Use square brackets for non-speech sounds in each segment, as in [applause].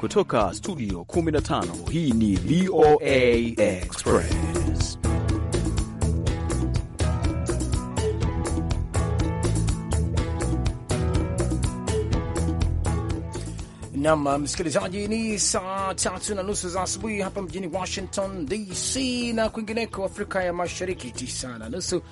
Kutoka studio 15 hii ni VOA Express. Nam msikilizaji, ni saa tatu na nusu za asubuhi hapa mjini Washington DC na kwingineko Afrika ya Mashariki, tisa na nusu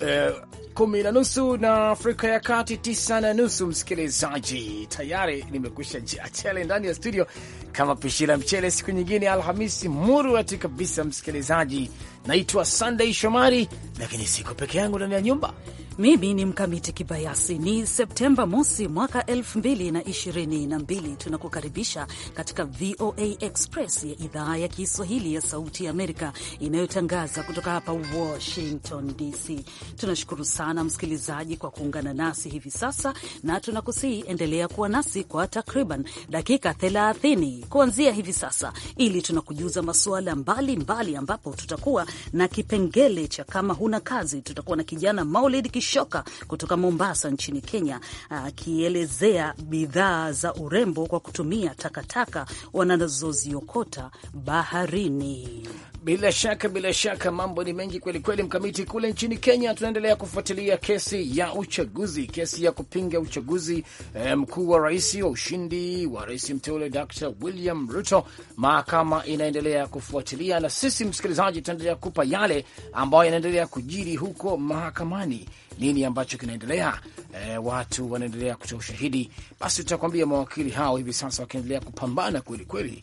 Eh, kumi na nusu na Afrika ya Kati tisa na nusu. Msikilizaji, tayari nimekwisha jaa chele ndani ya studio kama pishi la mchele. Siku nyingine Alhamisi muruati kabisa, msikilizaji. Naitwa Sunday Shomari, lakini siko peke yangu ndani ya nyumba mimi ni Mkamiti Kibayasi. Ni Septemba mosi mwaka 2022. Tunakukaribisha katika VOA Express ya idhaa ya Kiswahili ya Sauti ya Amerika inayotangaza kutoka hapa Washington DC. Tunashukuru sana msikilizaji kwa kuungana nasi hivi sasa, na tunakusihi endelea kuwa nasi kwa takriban dakika 30 kuanzia hivi sasa, ili tunakujuza masuala mbalimbali, ambapo tutakuwa na kipengele cha kama huna kazi. Tutakuwa na kijana Maulid Kish Shoka kutoka Mombasa nchini Kenya, akielezea bidhaa za urembo kwa kutumia takataka wanazoziokota baharini. Bila shaka, bila shaka, mambo ni mengi kweli kweli. Mkamiti kule nchini Kenya, tunaendelea kufuatilia kesi ya uchaguzi, kesi ya kupinga uchaguzi eh, mkuu wa rais wa ushindi wa rais mteule Dr. William Ruto. Mahakama inaendelea kufuatilia, na sisi msikilizaji, tunaendelea kupa yale ambayo yanaendelea kujiri huko mahakamani nini ambacho kinaendelea, e, watu wanaendelea kutoa ushahidi. Basi tutakwambia mawakili hao hivi sasa wakiendelea kupambana kweli kweli.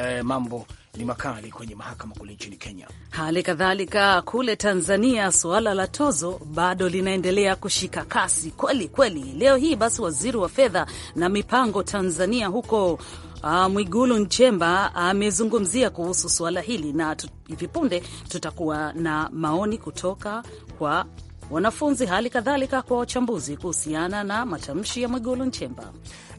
E, mambo ni makali kwenye mahakama kule nchini Kenya. Hali kadhalika kule Tanzania, suala la tozo bado linaendelea kushika kasi kweli kweli. Leo hii basi waziri wa fedha na mipango Tanzania huko Uh, Mwigulu Nchemba amezungumzia uh, kuhusu suala hili na hivi punde tutakuwa na maoni kutoka kwa wanafunzi, hali kadhalika kwa wachambuzi kuhusiana na matamshi ya Mwigulu Nchemba.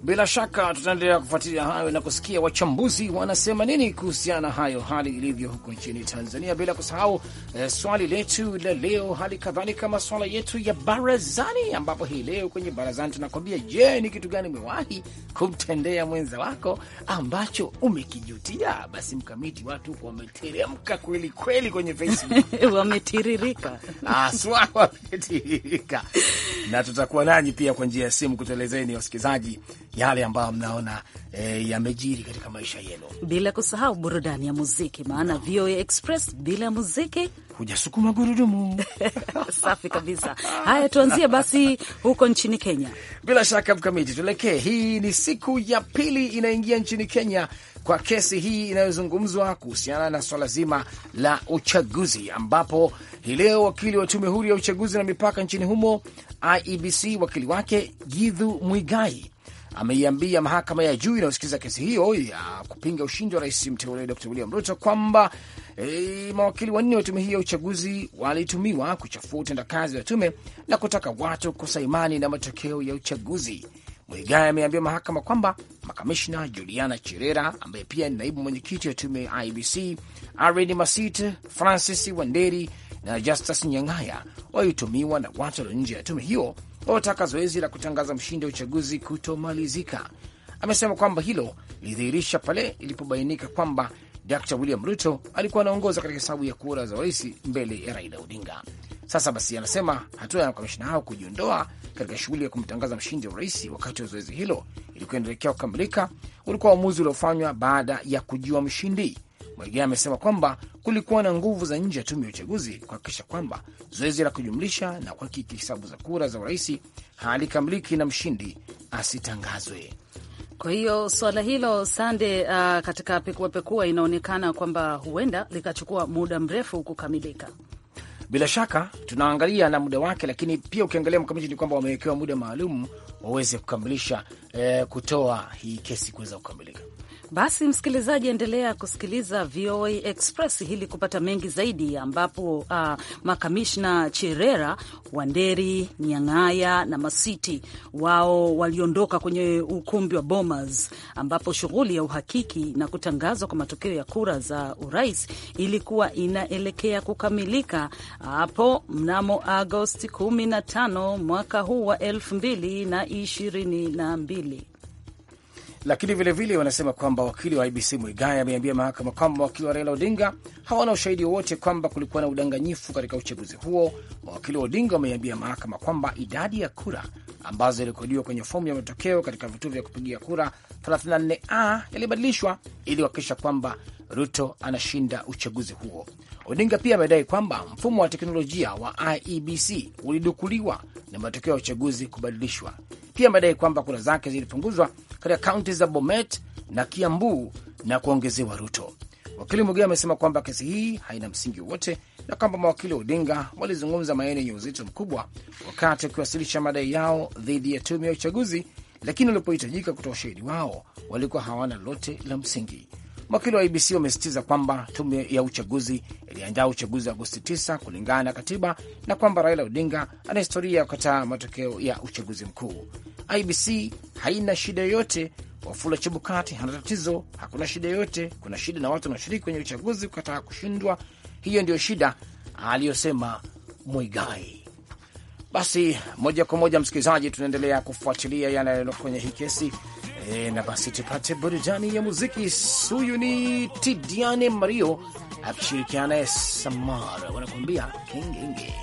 Bila shaka tutaendelea kufuatilia hayo na kusikia wachambuzi wanasema nini kuhusiana na hayo, hali ilivyo huko nchini Tanzania, bila kusahau eh, swali letu la leo, hali kadhalika masuala yetu ya barazani, ambapo hii leo kwenye barazani tunakwambia, je, ni kitu gani umewahi kumtendea mwenza wako ambacho umekijutia? Basi mkamiti, watu wameteremka kweli kweli kwenye Facebook, [laughs] wametiririka aswa na tutakuwa nanyi pia kwa njia ya simu kutuelezeni wasikilizaji yale ambayo mnaona e, yamejiri katika maisha yenu, bila kusahau burudani ya muziki, maana VOA Express bila muziki hujasukuma gurudumu. [laughs] Safi kabisa. Haya, tuanzie basi huko nchini Kenya. Bila shaka Mkamiti, tuelekee. Hii ni siku ya pili inaingia nchini Kenya kwa kesi hii inayozungumzwa kuhusiana na swala zima la uchaguzi, ambapo hii leo wakili wa tume huru ya uchaguzi na mipaka nchini humo IEBC, wakili wake Githu Mwigai ameiambia mahakama ya juu inayosikiliza kesi hiyo ya kupinga ushindi wa rais mteule Dr William Ruto kwamba e, mawakili wanne wa tume hiyo ya uchaguzi walitumiwa kuchafua utendakazi wa tume na kutaka watu kukosa imani na matokeo ya uchaguzi. Mwigae ameambia mahakama kwamba makamishna Juliana Cherera ambaye pia ni naibu mwenyekiti wa tume ya IBC, Arin Masit, Francis Wanderi na Justus Nyang'aya walitumiwa na watu walio nje ya tume hiyo wanaotaka zoezi la kutangaza mshindi wa uchaguzi kutomalizika. Amesema kwamba hilo lilidhihirisha pale ilipobainika kwamba Dr William Ruto alikuwa anaongoza katika hesabu ya kura za urais mbele ya Raila Odinga. Sasa basi, anasema hatua ya makamishina hao kujiondoa katika shughuli ya kumtangaza mshindi wa urais wakati wa zoezi hilo ilikuwa inaelekea kukamilika, ulikuwa uamuzi uliofanywa baada ya kujua mshindi. Maligia amesema kwamba kulikuwa na nguvu za nje ya tume ya uchaguzi kuhakikisha kwamba zoezi la kujumlisha na kuhakiki hesabu za kura za urais halikamiliki na mshindi asitangazwe. Kwa hiyo suala hilo Sande, uh, katika pekuapekua inaonekana kwamba huenda likachukua muda mrefu kukamilika. Bila shaka tunaangalia na muda wake, lakini pia ukiangalia mkamiti ni kwamba wamewekewa muda maalum waweze kukamilisha eh, kutoa hii kesi kuweza kukamilika. Basi msikilizaji, endelea kusikiliza VOA Express ili kupata mengi zaidi, ambapo uh, makamishna Cherera, Wanderi, Nyang'aya na Masiti wao waliondoka kwenye ukumbi wa Bomas ambapo shughuli ya uhakiki na kutangazwa kwa matokeo ya kura za urais ilikuwa inaelekea kukamilika hapo mnamo Agosti 15 mwaka huu wa 2022. Lakini vilevile wanasema kwamba wakili wa IBC Muigai ameambia mahakama kwamba mawakili wa Raila Odinga hawana ushahidi wowote kwamba kulikuwa na udanganyifu katika uchaguzi huo. Mawakili wa Odinga wameiambia mahakama kwamba idadi ya kura ambazo zilirekodiwa kwenye fomu ya matokeo katika vituo vya kupigia kura 34a yalibadilishwa ili kuhakikisha kwamba Ruto anashinda uchaguzi huo. Odinga pia amedai kwamba mfumo wa teknolojia wa IEBC ulidukuliwa na matokeo ya uchaguzi kubadilishwa. Pia amedai kwamba kura zake zilipunguzwa katika kaunti za Bomet na Kiambu na kuongezewa Ruto. Wakili Mugia amesema kwamba kesi hii haina msingi wowote na kwamba mawakili wa Odinga walizungumza maeneo yenye uzito mkubwa wakati wakiwasilisha madai yao dhidi ya tume ya uchaguzi, lakini walipohitajika kutoa ushahidi wao walikuwa hawana lolote la msingi mwakili wa ABC wamesisitiza kwamba tume ya uchaguzi iliandaa uchaguzi wa Agosti 9 kulingana na katiba na kwamba Raila Odinga ana historia ya kukataa matokeo ya uchaguzi mkuu. IBC haina shida yoyote, Wafula Chebukati hana tatizo, hakuna shida yoyote. Kuna shida na watu wanaoshiriki kwenye uchaguzi kukataa kushindwa, hiyo ndiyo shida aliyosema Mwigai. Basi moja kwa moja, msikilizaji, tunaendelea kufuatilia yanayoendelea kwenye hii kesi E, na basi tupate burudani ya muziki. Huyu ni Tidiane Mario akishirikiana naye Samara wanakuambia kengenge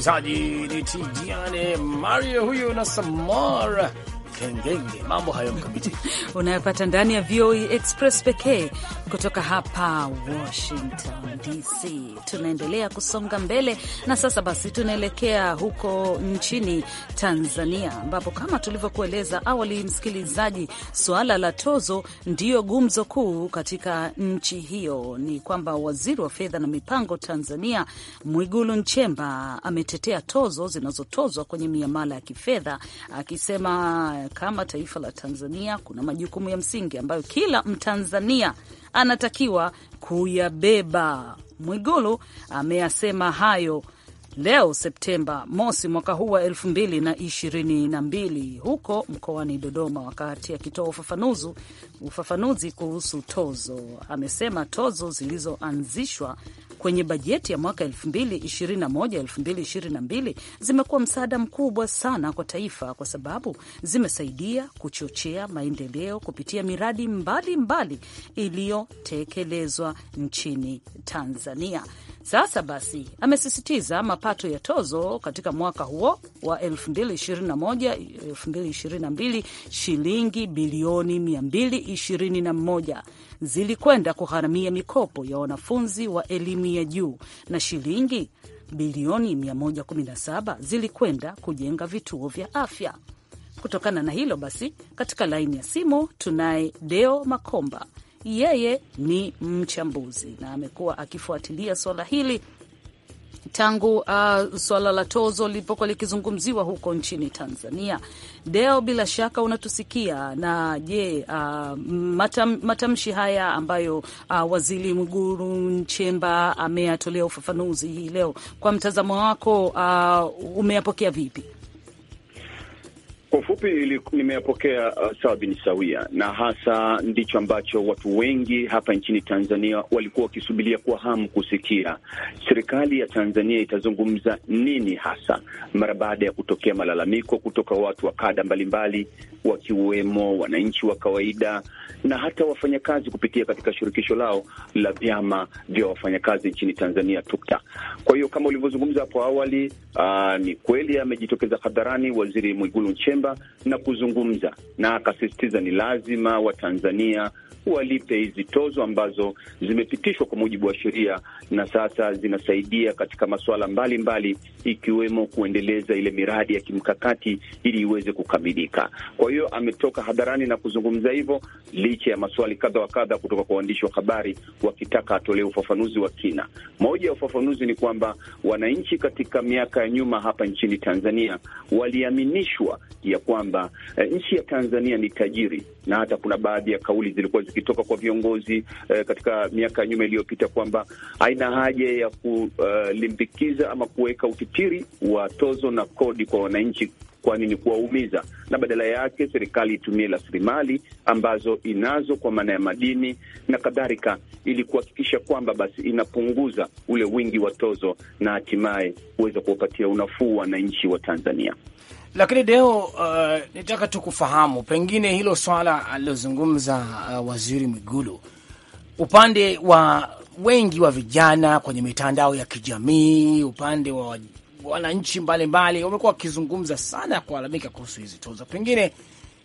msikilizaji, ni Tidiane Mario huyu na samar Kengenge. Mambo hayo mkamiti [laughs] unayapata ndani ya VOA e Express pekee kutoka hapa Washington DC. Tunaendelea kusonga mbele na sasa basi, tunaelekea huko nchini Tanzania, ambapo kama tulivyokueleza awali, msikilizaji, suala la tozo ndiyo gumzo kuu katika nchi hiyo. Ni kwamba waziri wa fedha na mipango Tanzania, Mwigulu Nchemba, ametetea tozo zinazotozwa kwenye miamala ya kifedha, akisema kama taifa la Tanzania kuna majukumu ya msingi ambayo kila Mtanzania anatakiwa kuyabeba. Mwigulu ameyasema hayo leo Septemba mosi mwaka huu wa elfu mbili na ishirini na mbili huko mkoani Dodoma, wakati akitoa ufafanuzi ufafanuzi kuhusu tozo. Amesema tozo zilizoanzishwa kwenye bajeti ya mwaka 2021 2022 zimekuwa msaada mkubwa sana kwa taifa, kwa sababu zimesaidia kuchochea maendeleo kupitia miradi mbalimbali iliyotekelezwa nchini Tanzania. Sasa basi, amesisitiza mapato ya tozo katika mwaka huo wa 2021 2022 shilingi bilioni 221 zilikwenda kugharamia mikopo ya wanafunzi wa elimu ya juu na shilingi bilioni 117 zilikwenda kujenga vituo vya afya. Kutokana na hilo basi, katika laini ya simu tunaye Deo Makomba yeye ni mchambuzi na amekuwa akifuatilia swala hili tangu uh, swala la tozo lilipokuwa likizungumziwa huko nchini Tanzania. Deo, bila shaka unatusikia na je, uh, matam, matamshi haya ambayo uh, waziri Mwigulu Nchemba ameyatolea ufafanuzi hii leo, kwa mtazamo wako uh, umeyapokea vipi? Kwa ufupi, nimeapokea uh, sawa bin sawia, na hasa ndicho ambacho watu wengi hapa nchini Tanzania walikuwa wakisubilia kwa hamu kusikia serikali ya Tanzania itazungumza nini hasa mara baada ya kutokea malalamiko kutoka watu wa kada mbalimbali, wakiwemo wananchi wa kawaida na hata wafanyakazi kupitia katika shirikisho lao la vyama vya wafanyakazi nchini Tanzania, TUKTA. Kwa hiyo kama ulivyozungumza hapo awali, uh, ni kweli amejitokeza hadharani Waziri Mwigulu Nchemba Pemba na kuzungumza, na akasisitiza ni lazima Watanzania walipe hizi tozo ambazo zimepitishwa kwa mujibu wa sheria na sasa zinasaidia katika masuala mbalimbali ikiwemo kuendeleza ile miradi ya kimkakati ili iweze kukamilika. Kwa hiyo ametoka hadharani na kuzungumza hivyo, licha ya maswali kadha wa kadha kutoka kwa waandishi wa habari wakitaka atolee ufafanuzi wa kina. Moja ya ufafanuzi ni kwamba wananchi katika miaka ya nyuma hapa nchini Tanzania waliaminishwa ya kwamba eh, nchi ya Tanzania ni tajiri, na hata kuna baadhi ya kauli zilikuwa zikitoka kwa viongozi eh, katika miaka ya nyuma iliyopita kwamba haina haja ya kulimbikiza uh, ama kuweka utitiri wa tozo na kodi kwa wananchi kwani ni kuwaumiza, na badala yake serikali itumie rasilimali ambazo inazo kwa maana ya madini na kadhalika, ili kuhakikisha kwamba basi inapunguza ule wingi wa tozo na hatimaye kuweza kuwapatia unafuu wananchi wa Tanzania. Lakini Deo, uh, nitaka tu kufahamu pengine hilo swala alilozungumza uh, Waziri Mwigulu upande wa wengi wa vijana kwenye mitandao ya kijamii, upande wa wananchi mbalimbali wamekuwa wakizungumza sana, kualamika kuhusu hizi tozo. Pengine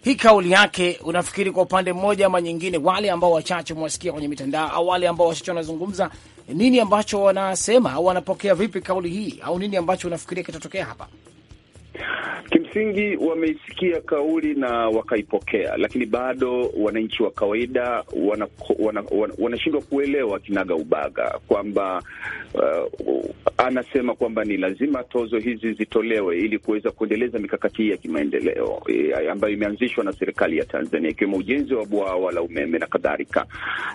hii kauli yake, unafikiri kwa upande mmoja ama nyingine, wale ambao wachache mewasikia kwenye mitandao au wale ambao wachache wanazungumza, nini ambacho wanasema au wanapokea vipi kauli hii, au nini ambacho unafikiria kitatokea hapa? Kim kimsingi wameisikia kauli na wakaipokea, lakini bado wananchi wa kawaida wanashindwa wana, wana, wana kuelewa kinaga ubaga kwamba uh, anasema kwamba ni lazima tozo hizi zitolewe ili kuweza kuendeleza mikakati hii ya kimaendeleo e, ambayo imeanzishwa na serikali ya Tanzania ikiwemo ujenzi wa bwawa la umeme na kadhalika,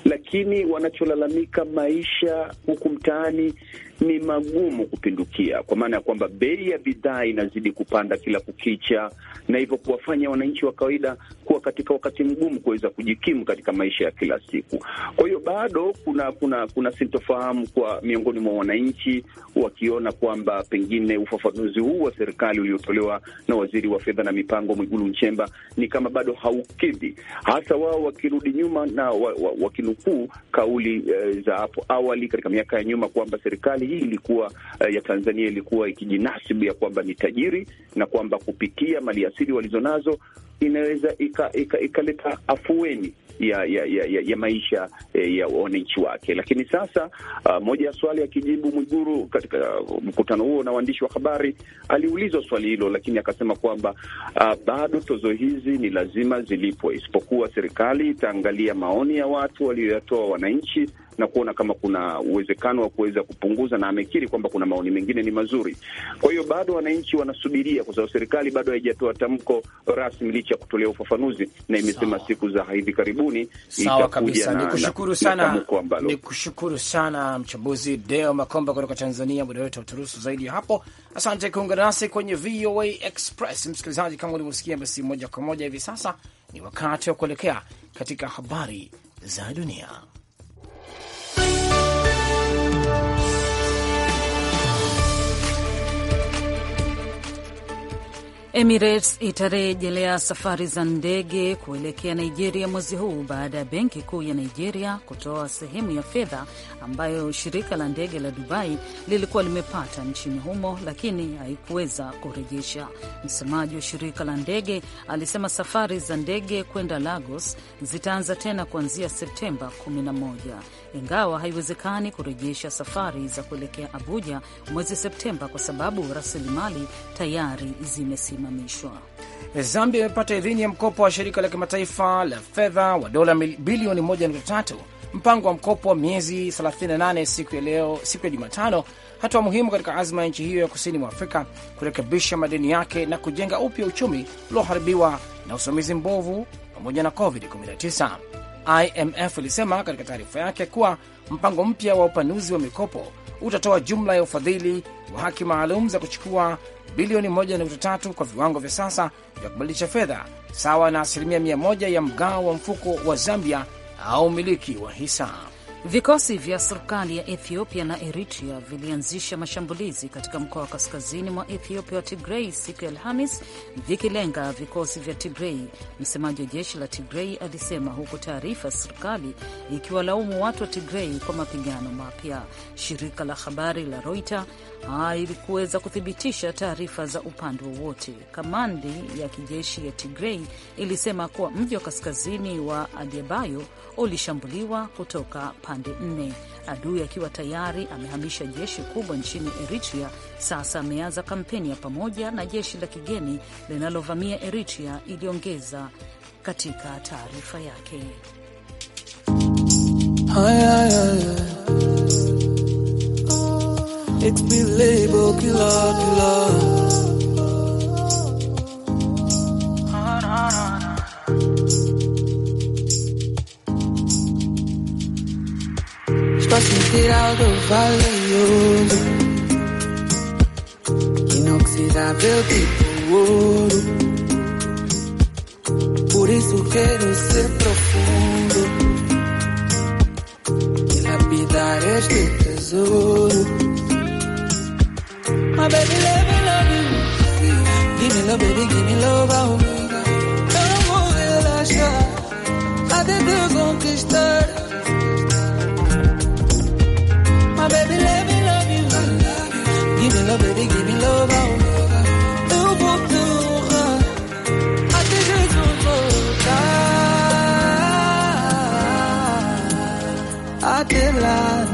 lakini wanacholalamika maisha huku mtaani ni magumu kupindukia, kwa maana ya kwamba bei ya bidhaa inazidi kupanda kila kuki kuficha na hivyo kuwafanya wananchi wa kawaida kuwa katika wakati mgumu kuweza kujikimu katika maisha ya kila siku. Kwa hiyo bado kuna kuna kuna sintofahamu kwa miongoni mwa wananchi, wakiona kwamba pengine ufafanuzi huu wa serikali uliotolewa na waziri wa fedha na mipango Mwigulu Nchemba ni kama bado haukidhi, hasa wao wakirudi nyuma na wa, wa, wakinukuu kauli eh, za hapo awali katika miaka ya nyuma kwamba serikali hii ilikuwa eh, ya Tanzania ilikuwa ikijinasibu ya kwamba ni tajiri na kwamba kupikia, maliasili walizonazo inaweza ikaleta ika, ika afueni ya ya, ya, ya maisha eh, ya wananchi wake. Lakini sasa uh, moja ya swali akijibu Mwiguru katika uh, mkutano huo na waandishi wa habari aliulizwa swali hilo, lakini akasema kwamba uh, bado tozo hizi ni lazima zilipwe, isipokuwa serikali itaangalia maoni ya watu walioyatoa wananchi na kuona kama kuna uwezekano wa kuweza kupunguza, na amekiri kwamba kuna maoni mengine ni mazuri. Kwa hiyo bado wananchi wanasubiria, kwa sababu serikali bado haijatoa tamko rasmi, licha ya kutolea ufafanuzi, na imesema sawa, siku za hivi karibuni itakuja. Nikushukuru sana, nikushukuru sana mchambuzi Deo Makomba kutoka Tanzania. Muda wetu hauturuhusu zaidi ya hapo. Asante kuungana nasi kwenye VOA Express. Msikilizaji, kama ulivyosikia, basi moja kwa moja hivi sasa ni wakati wa kuelekea katika habari za dunia. Emirates itarejelea safari za ndege kuelekea Nigeria mwezi huu baada ya benki kuu ya Nigeria kutoa sehemu ya fedha ambayo shirika la ndege la Dubai lilikuwa limepata nchini humo, lakini haikuweza kurejesha. Msemaji wa shirika la ndege alisema safari za ndege kwenda Lagos zitaanza tena kuanzia Septemba 11 ingawa haiwezekani kurejesha safari za kuelekea Abuja mwezi Septemba kwa sababu rasilimali tayari zimesimama kusimamishwa. Zambia imepata idhini ya mkopo wa shirika la kimataifa la fedha wa dola bilioni 1.3, mpango wa mkopo wa miezi 38 siku ya leo, siku ya Jumatano, hatua muhimu katika azma ya nchi hiyo ya kusini mwa Afrika kurekebisha madeni yake na kujenga upya uchumi ulioharibiwa na usimamizi mbovu pamoja na COVID-19. IMF ilisema katika taarifa yake kuwa mpango mpya wa upanuzi wa mikopo utatoa jumla ya ufadhili wa haki maalum za kuchukua bilioni 1.3 kwa viwango vya sasa vya kubadilisha fedha, sawa na asilimia 100 ya mgao wa mfuko wa Zambia au umiliki wa hisa. Vikosi vya serikali ya Ethiopia na Eritrea vilianzisha mashambulizi katika mkoa wa kaskazini mwa Ethiopia wa Tigrei siku ya Alhamis, vikilenga vikosi vya Tigrei, msemaji wa jeshi la Tigrei alisema, huku taarifa ya serikali ikiwalaumu watu wa Tigrei kwa mapigano mapya. Shirika la habari la Reuters ah, ilikuweza kuthibitisha taarifa za upande wowote. Kamandi ya kijeshi ya Tigrei ilisema kuwa mji wa kaskazini wa adiabayo ulishambuliwa kutoka pande nne. Adui akiwa tayari amehamisha jeshi kubwa nchini Eritrea, sasa ameanza kampeni ya pamoja na jeshi la kigeni linalovamia Eritrea, iliongeza katika taarifa yake. Ah, para sentir algo valioso, inoxidável tipo ouro. Por isso quero ser profundo, lapidar este tesouro. My baby, let me love you. Give me love, baby, give me love, oh. Eu não vou relaxar até Deus conquistar. baby, let me love you. Give me love, baby, give me love.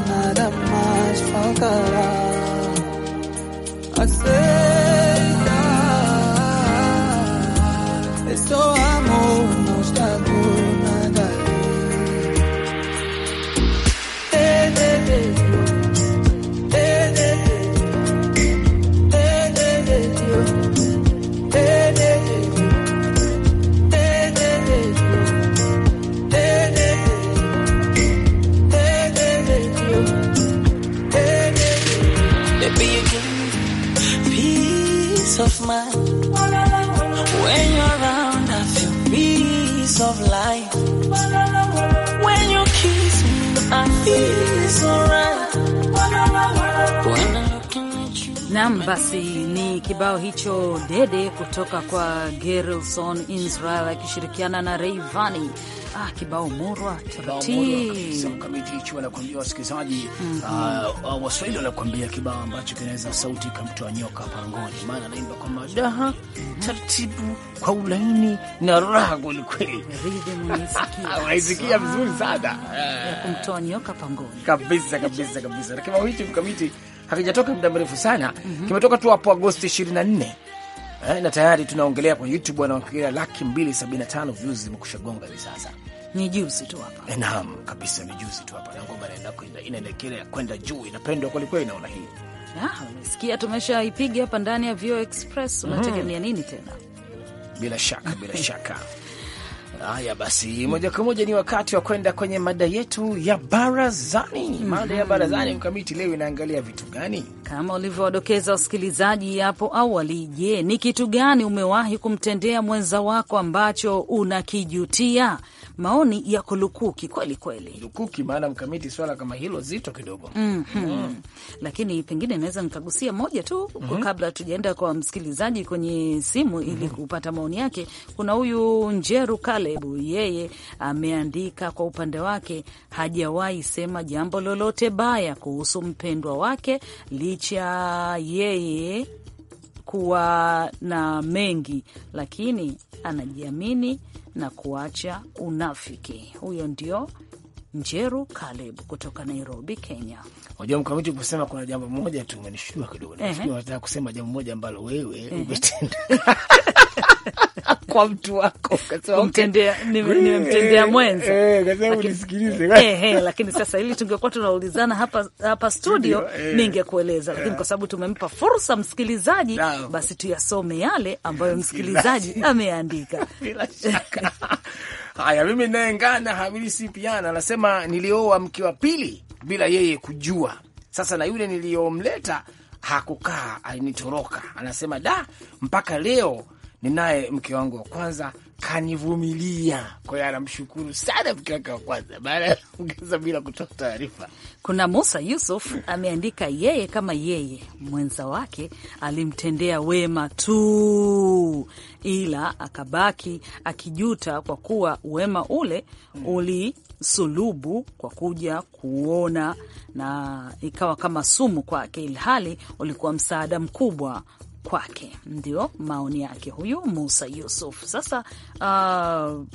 nada más faltará. Basi ni kibao hicho dede kutoka kwa Gerilson Israel akishirikiana na Reivani. Ah, kibao murwa taratibukamiti ikiwa wanakuambia wasikilizaji, mm -hmm. Waswahili wanakuambia kibao ambacho kinaweza sauti kamtoa nyoka pangoni, maana naimba kwa madaha mhm. taratibu kwa ulaini na raha kwelikweli, [laughs] unaisikia vizuri ah, sana kumtoa nyoka pangoni kabisa kabisa kabisa, kibao hichi mkamiti hakijatoka muda mrefu sana mm -hmm. kimetoka tu hapo Agosti 24 eh, na tayari tunaongelea kwenye YouTube wanaongelea laki mbili sabini na tano views gonga hivi sasa. Ni juzi tu hapa. Eh, naam, kabisa ni juzi tu hapa. Na ngoma inaenda kwenda inaelekea kwenda juu, inapendwa kweli kweli naona hii. Ah, umesikia tumeshaipiga hapa ndani ya Vio Express, unategemea mm. nini tena? Bila shaka bila [laughs] shaka Haya basi, moja kwa moja ni wakati wa kwenda kwenye mada yetu ya barazani. Mada ya barazani mkamiti leo inaangalia vitu gani? Kama ulivyowadokeza wasikilizaji hapo awali, je, ni kitu gani umewahi kumtendea mwenza wako ambacho unakijutia? maoni yako lukuki kweli kweli, lukuki maana mkamiti swala kama hilo zito kidogo mm -hmm. mm. Lakini pengine naweza nikagusia moja tu mm -hmm. kabla tujaenda kwa msikilizaji kwenye simu ili mm -hmm. kupata maoni yake. Kuna huyu Njeru Kalebu, yeye ameandika kwa upande wake, hajawahi sema jambo lolote baya kuhusu mpendwa wake licha yeye kuwa na mengi, lakini anajiamini na kuacha unafiki. Huyo ndio Njeru kaleb kutoka Nairobi, Kenya. Unajua Mkamiti, kusema kuna jambo moja tu umenishtua kidogo, nataka kusema jambo moja ambalo wewe umetenda [laughs] kwa mtu wako nimemtendea mwenza, lakini sasa hili tungekuwa tunaulizana hapa hapa studio ningekueleza, lakini kwa sababu tumempa fursa msikilizaji, basi tuyasome yale ambayo msikilizaji ameandika. [laughs] [laughs] Haya, mimi naengana Hamisi Piana anasema nilioa mke wa pili bila yeye kujua. Sasa na yule niliyomleta hakukaa, alinitoroka. Anasema da, mpaka leo ninaye mke wangu wa kwanza kanivumilia. Kwa hiyo anamshukuru sana mke wake wa kwanza baada ya ongeza bila kutoa taarifa. Kuna Musa Yusuf ameandika, yeye kama yeye mwenza wake alimtendea wema tu, ila akabaki akijuta kwa kuwa wema ule ulisulubu kwa kuja kuona na ikawa kama sumu kwake, ilhali ulikuwa msaada mkubwa kwake. Ndio maoni yake huyu Musa Yusuf. Sasa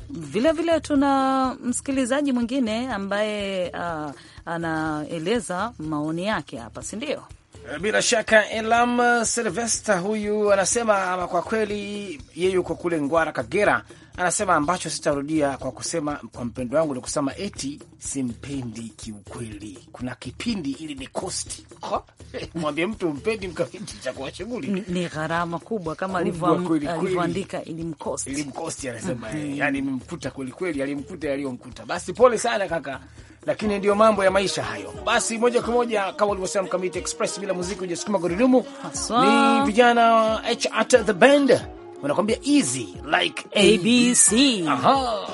vilevile uh, vile tuna msikilizaji mwingine ambaye uh, anaeleza maoni yake hapa, si ndio? Eh, bila shaka Elam Silvesta huyu anasema, ama kwa kweli yeye yuko kule Ngwara, Kagera, anasema ambacho sitarudia kwa kusema kwa mpendo wangu ni kusema eti simpendi kiukweli. Kuna kipindi ili ni kosti [laughs] mwambie mtu mpendi, mkapindi cha kuwa shughuli ni gharama kubwa, kama alivyoandika ilimkosti, ilimkosti anasema mm-hmm. eh, yani imemkuta kweli kweli, alimkuta yaliyomkuta. Basi pole sana kaka, lakini ndiyo mambo ya maisha hayo. Basi moja kwa moja kama ulivyosema Mkamiti Express, bila muziki hujasukuma gurudumu. Ni vijana H at the band wanakwambia easy like ABC. Aha.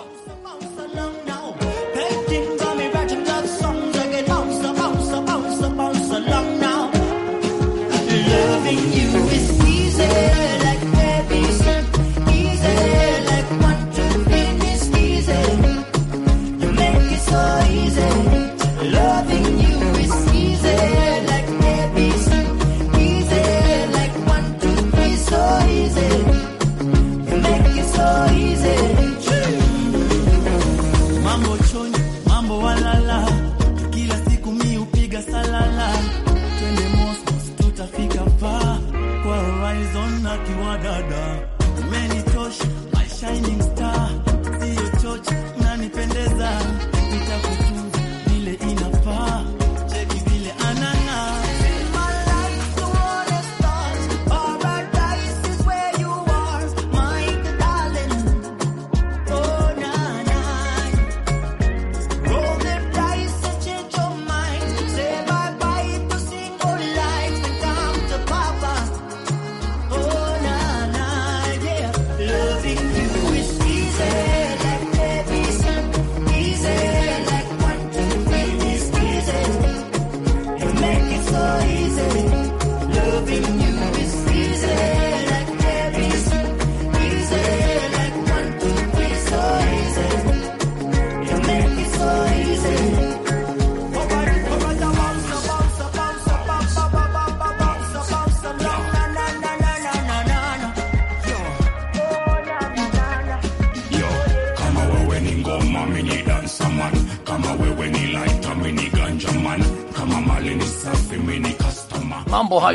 nothing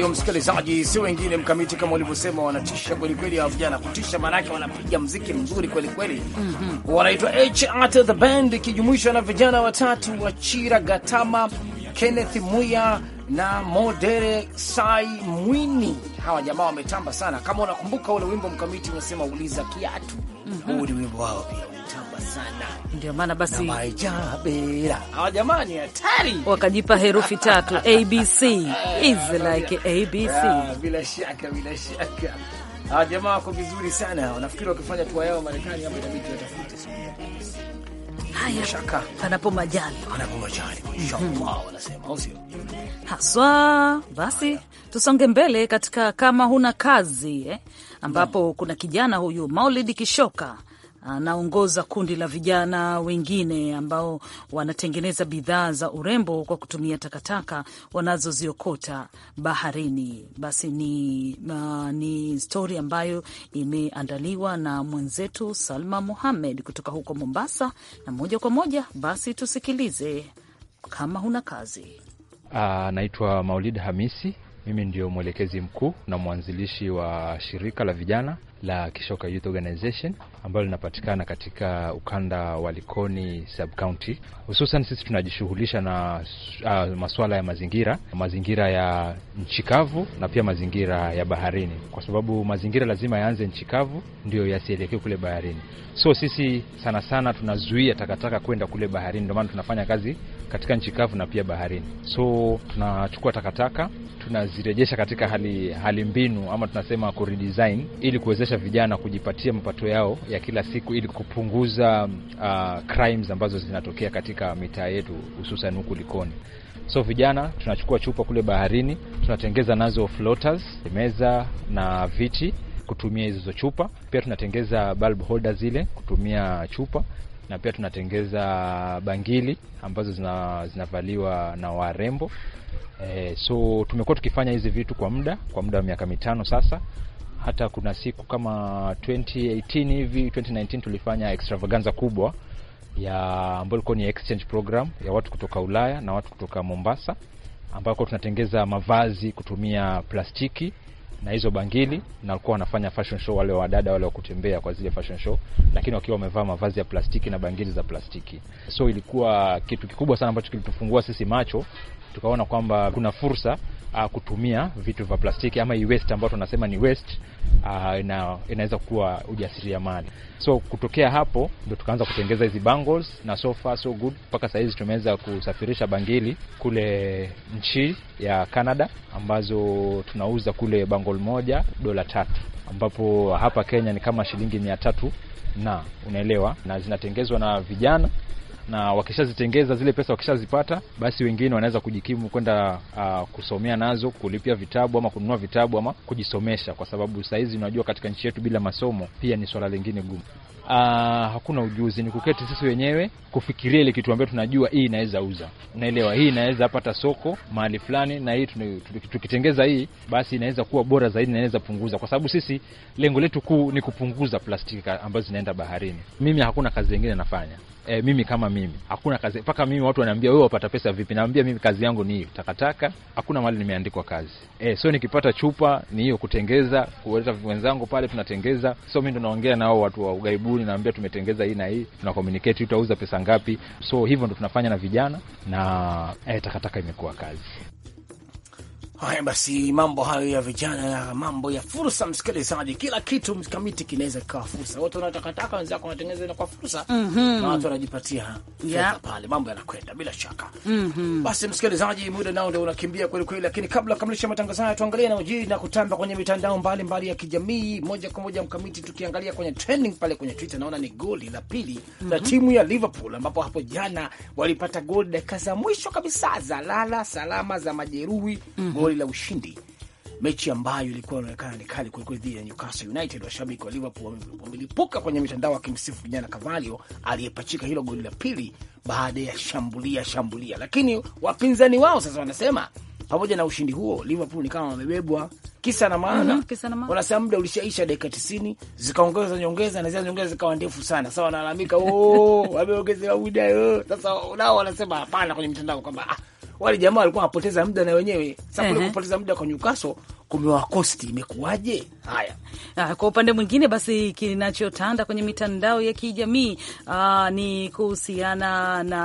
hayo, msikilizaji, si wengine Mkamiti, kama ulivyosema, wanatisha kwelikweli. Hawa vijana kutisha, maanake wanapiga mziki mzuri kwelikweli. mm -hmm. Wanaitwa HRT the band, ikijumuishwa na vijana watatu wa Chira Gatama, Kenneth Muya na Modere Sai Mwini. Hawa jamaa wametamba sana. Kama unakumbuka ule wimbo Mkamiti unasema uliza kiatu, mhm. huu ni wimbo wao pia sana. Ndio maana basi hawa jamaa hatari, wakajipa herufi tatu ABC [laughs] is like ABC. bila shaka, bila shaka hawa jamaa wako vizuri sana, wanafikiri wakifanya tua yao Marekani hapa itabidi watafute Haya, panapo majali, panapo majali wanasema, au sio? Haswa. Basi tusonge mbele katika kama huna kazi eh, ambapo mm, kuna kijana huyu Maulid Kishoka anaongoza ah, kundi la vijana wengine ambao wanatengeneza bidhaa za urembo kwa kutumia takataka wanazoziokota baharini. Basi ni, uh, ni stori ambayo imeandaliwa na mwenzetu Salma Muhamed kutoka huko Mombasa, na moja kwa moja basi tusikilize. Kama huna kazi. Uh, naitwa Maulid Hamisi mimi ndio mwelekezi mkuu na mwanzilishi wa shirika la vijana la Kishoka Youth Organization ambalo linapatikana katika ukanda wa Likoni subcounty. Hususan sisi tunajishughulisha na uh, ah, masuala ya mazingira, mazingira ya nchikavu na pia mazingira ya baharini, kwa sababu mazingira lazima yaanze nchikavu ndio yasielekee kule baharini. So sisi sana sana tunazuia takataka kwenda kule baharini, ndio maana tunafanya kazi katika nchi kavu na pia baharini. So tunachukua takataka tunazirejesha katika hali, hali mbinu ama tunasema kuredesign, ili kuwezesha vijana kujipatia mapato yao ya kila siku, ili kupunguza uh, crimes ambazo zinatokea katika mitaa yetu hususan huku Likoni. So vijana tunachukua chupa kule baharini, tunatengeza nazo floaters, meza na viti kutumia hizo chupa. Pia tunatengeza bulb zile kutumia chupa na pia tunatengeza bangili ambazo zina, zinavaliwa na warembo e, so tumekuwa tukifanya hizi vitu kwa muda kwa muda wa miaka mitano sasa. Hata kuna siku kama 2018 hivi 2019 tulifanya extravaganza kubwa ya ambayo ilikuwa ni exchange program ya watu kutoka Ulaya na watu kutoka Mombasa ambako tunatengeza mavazi kutumia plastiki na hizo bangili, na walikuwa wanafanya fashion show, wale wadada wale wa kutembea kwa zile fashion show, lakini wakiwa wamevaa mavazi ya plastiki na bangili za plastiki. So ilikuwa kitu kikubwa sana ambacho kilitufungua sisi macho tukaona kwamba kuna fursa uh, kutumia vitu vya plastiki ama e-waste ambayo tunasema ni waste uh, ina, inaweza kuwa ujasiriamali. So kutokea hapo ndio tukaanza kutengeza hizi bangles na so far so good, mpaka sahizi hizi tumeweza kusafirisha bangili kule nchi ya Canada ambazo tunauza kule bangle moja dola tatu, ambapo hapa Kenya ni kama shilingi mia tatu na unaelewa, na zinatengezwa na vijana na wakishazitengeza zile pesa, wakishazipata basi wengine wanaweza kujikimu kwenda uh, kusomea nazo, kulipia vitabu ama kununua vitabu ama kujisomesha, kwa sababu sahizi unajua katika nchi yetu bila masomo pia ni swala lingine gumu. Uh, hakuna ujuzi, ni kuketi sisi wenyewe kufikiria ile kitu ambayo tunajua hii inaweza uza, unaelewa, hii inaweza pata soko mahali fulani, na hii tukitengeza hii basi inaweza kuwa bora zaidi, inaweza punguza, kwa sababu sisi lengo letu kuu ni kupunguza plastiki ambazo zinaenda baharini. Mimi hakuna kazi nyingine nafanya. E, mimi kama mimi hakuna kazi mpaka mimi watu wanaambia wewe wapata pesa vipi? Naambia mimi kazi yangu ni hiyo takataka, hakuna mahali nimeandikwa kazi e, so nikipata chupa ni hiyo kutengeza, kuleta wenzangu pale tunatengeza. So mimi ndo naongea nao watu wa ugaibuni, naambia tumetengeza hii na hii, tuna communicate, utauza pesa ngapi? So hivyo ndo tunafanya na vijana na e, takataka imekuwa kazi. Haya basi, mambo hayo ya vijana, na mambo ya fursa, msikilizaji, kila kitu mkamiti kinaweza kikawa fursa. Wote wanatakataka wenzako wanatengeneza inakuwa fursa mm -hmm. na watu wanajipatia yeah. pale mambo yanakwenda bila shaka mm -hmm. Basi msikilizaji, muda nao ndio unakimbia kweli kweli, lakini kabla ya kukamilisha matangazo haya, tuangalie na yanayojiri na kutamba kwenye mitandao mbalimbali mbali ya kijamii moja kwa moja. Mkamiti, tukiangalia kwenye trending pale kwenye Twitter, naona ni goli la pili mm -hmm. la mhm. timu ya Liverpool ambapo hapo jana walipata goli dakika za mwisho kabisa za lala salama za majeruhi mm -hmm goli la ushindi, mechi ambayo ilikuwa inaonekana ni kali kwelikweli dhidi ya Newcastle United. Washabiki wa Liverpool wamelipuka kwenye mitandao wakimsifu kijana Cavalio aliyepachika hilo goli la pili baada ya shambulia shambulia, lakini wapinzani wao sasa wanasema pamoja na ushindi huo Liverpool ni kama wamebebwa, kisa na maana. Mhm, wanasema muda ulishaisha, dakika tisini zikaongeza nyongeza na zile nyongeza zikawa ndefu sana. Sasa wanalalamika [laughs] oh, wameongezewa muda. Oh. Sasa nao wanasema hapana kwenye mitandao kwamba ah, wale jamaa walikuwa wanapoteza muda na wenyewe. Sasa uh kupoteza muda kwa Newcastle kumewakosti imekuwaje? Haya, ah, kwa upande mwingine basi, kinachotanda kwenye mitandao ya kijamii ah, ni kuhusiana na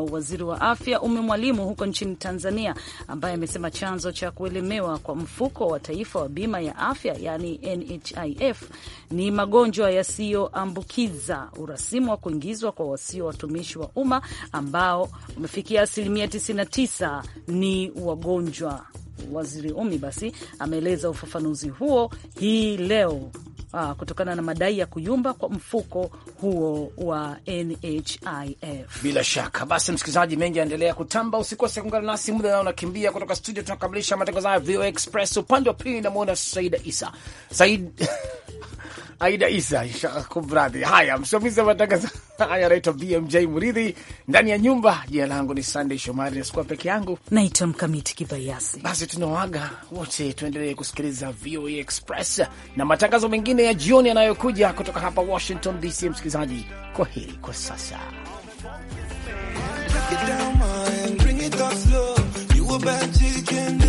waziri wa afya Ume Mwalimu huko nchini Tanzania, ambaye amesema chanzo cha kuelemewa kwa mfuko wa taifa wa bima ya afya yani NHIF ni magonjwa yasiyoambukiza, urasimu wa kuingizwa kwa wasio watumishi wa umma ambao umefikia asilimia 99 ni wagonjwa Waziri Umi basi ameeleza ufafanuzi huo hii leo aa, ah, kutokana na madai ya kuyumba kwa mfuko huo wa NHIF. Bila shaka basi, msikilizaji, mengi yaendelea kutamba. Usikose kuungana nasi, muda nao unakimbia. Kutoka studio tunakamilisha matangazo haya VOA Express. Upande wa pili namwona Saida Isa Said [laughs] Aida Isa Kubradhi. Haya, msimamizi wa matangazo [laughs] haya anaitwa BMJ Muridhi, ndani ya nyumba. Jina langu ni sandey Shomari, nasikuwa peke yangu, naitwa Mkamiti Kibayasi. Basi tunawaga wote, tuendelee kusikiliza VOA e Express na matangazo mengine ya jioni yanayokuja kutoka hapa Washington DC. Msikilizaji, kwa heri kwa sasa.